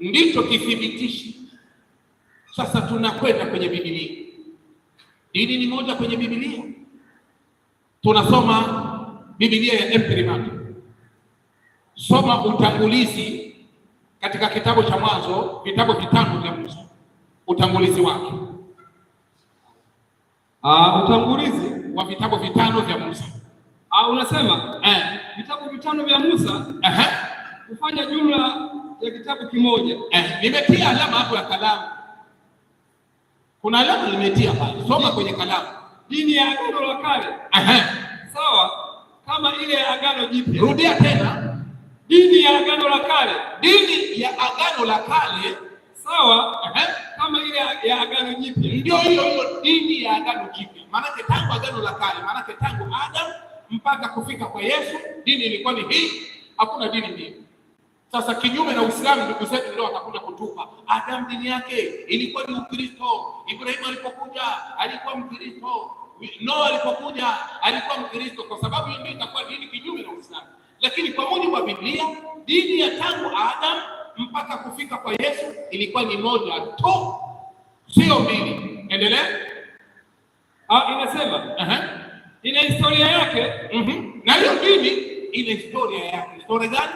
ndicho kithibitishi. Sasa tunakwenda kwenye Biblia. Dini ni moja kwenye Biblia, tunasoma Biblia ya Imprimatur. Soma utangulizi katika kitabu cha Mwanzo, vitabu vitano vya Musa, utangulizi wake. Ah, utangulizi wa vitabu vitano vya Musa. Ah, unasema eh, vitabu vitano vya Musa eh, kufanya jumla ya kitabu kimoja eh, nimetia alama hapo ya kalamu. Kuna alama nimetia pale, soma kwenye kalamu. dini ya agano la kale sawa kama ile ya agano jipya. Rudia tena, dini ya agano la kale, dini ya agano la kale sawa kama ile ya agano jipya. Ndio hiyo hiyo dini ya agano jipya, maanake tangu agano la kale, maanake tangu Adam mpaka kufika kwa Yesu, dini ilikuwa ni hii. Hakuna dini nyingine. Sasa kinyume na Uislamu, ndugu zetu leo atakuja kutupa. Adam dini yake ilikuwa ni Ukristo. Ibrahimu alipokuja alikuwa Mkristo. Noa alipokuja alikuwa Mkristo, kwa sababu hiyo ndio itakuwa dini kinyume na Uislamu. Lakini kwa mujibu wa Biblia, dini ya tangu adam mpaka kufika kwa Yesu ilikuwa ni moja tu, sio mbili. Endelea. Ah, inasema ina historia yake mhm. na hiyo dini ina historia yake. Historia gani?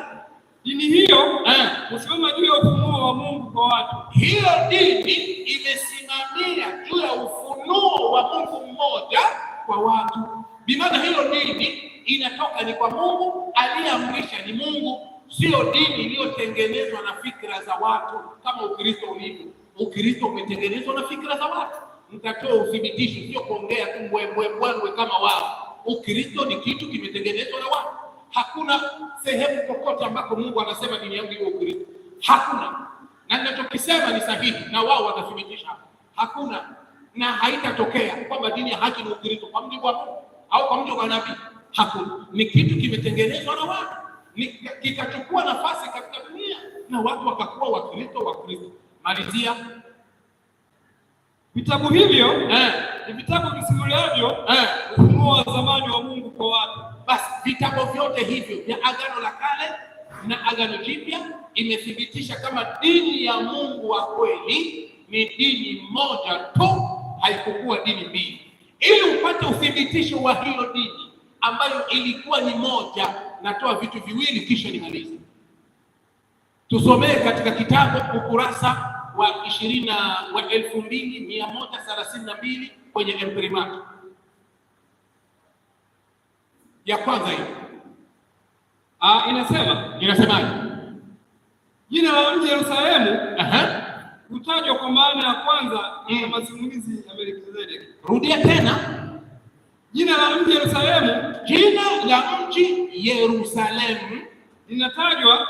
Dini hiyo eh, kusimama juu ya ufunuo wa Mungu kwa watu, hiyo dini imesimamia juu ya ufunuo wa Mungu mmoja kwa watu. Bimaana hiyo dini inatoka ni kwa Mungu, aliyeamrisha ni Mungu, sio dini iliyotengenezwa na fikra za watu kama Ukristo ulivyo. Ukristo umetengenezwa na fikra za watu, mtatoa uthibitisho, sio kuongea tu mbwembwembwe kama wao. Ukristo ni kitu kimetengenezwa na watu Hakuna sehemu kokote ambako Mungu anasema dini yangu iwe Ukristo, hakuna. Na ninachokisema ni sahihi, na wao watathibitisha. Hakuna na haitatokea kwamba dini ya haki ni Ukristo kwa mjibu wa Mungu au kwa mjibu wa nabii. Hakuna, ni kitu kimetengenezwa na watu, kikachukua nafasi katika dunia na watu wakakuwa Wakristo Kristo. Malizia vitabu hivyo eh, vitabu visimuliavyo eh, ufunuo wa zamani wa Mungu kwa watu basi vitabu vyote hivyo vya Agano la Kale na Agano Jipya imethibitisha kama dini ya Mungu wa kweli ni dini moja tu, haikukuwa dini mbili. Ili upate uthibitisho wa hilo dini ambayo ilikuwa ni moja, natoa vitu viwili kisha nimalize. Tusomee katika kitabu ukurasa wa ishirini wa elfu mbili mia moja thelathini na mbili kwenye Imprimatur ya kwanza hii ah, inasema inasemaje? Jina la mji Yerusalemu hutajwa kwa maana ya kwanza mm. masimulizi ya Melkizedeki. Rudia tena, jina la mji Yerusalemu, jina la mji Yerusalemu linatajwa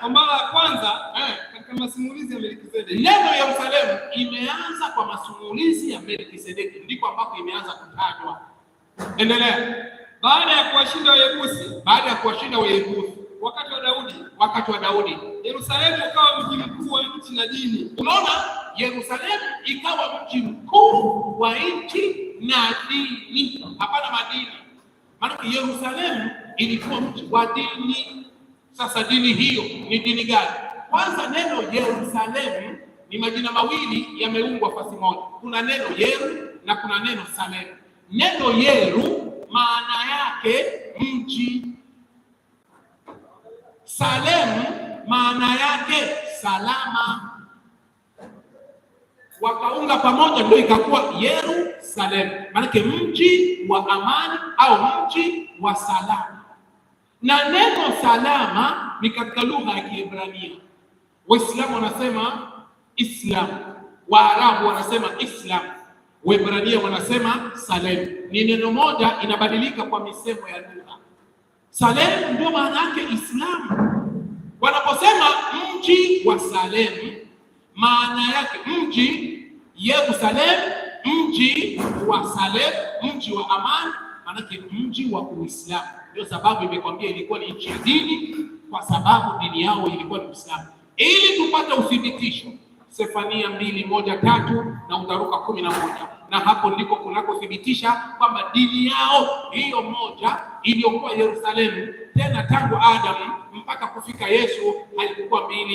kwa mara ya kwanza eh, katika masimulizi ya Melkizedeki. Neno Yerusalemu imeanza kwa masimulizi ya Melkizedeki, ndipo ambapo imeanza kutajwa. Endelea baada ya kuwashinda Wayebusi, baada ya kuwashinda Wayebusi wakati wa Daudi, wakati wa Daudi Yerusalemu ukawa mji mkuu wa nchi na dini. Unaona, Yerusalemu ikawa mji mkuu wa nchi na dini, hapana madini. Maana Yerusalemu ilikuwa mji wa dini. Sasa dini hiyo ni dini gani? Kwanza, neno Yerusalemu ni majina mawili yameungwa fasi moja. Kuna neno Yeru na kuna neno Salemu. Neno Yeru maana yake mji. Salemu maana yake salama, wakaunga pamoja ndio ikakuwa Yerusalemu, maanake mji wa amani au mji wa salama. Na neno salama ni katika lugha ya Kiebrania. Waislamu wanasema Islam, Waarabu wanasema Islam Waebrania wanasema Salemu ni neno moja, inabadilika kwa misemo ya lugha. Salemu ndio maana yake Islamu. Wanaposema mji wa Salemu, maana yake mji Yerusalemu, mji wa Salemu, mji wa amani, maanake mji wa Uislamu. Ndio sababu imekwambia ilikuwa ni nchi ya dini, kwa sababu dini yao ilikuwa ni Uislamu, ili tupate uthibitisho Sefania mbili moja tatu na utaruka kumi na moja na hapo ndiko kunakothibitisha kwamba dini yao hiyo moja iliyokuwa Yerusalemu tena tangu Adamu mpaka kufika Yesu haikuwa mbili.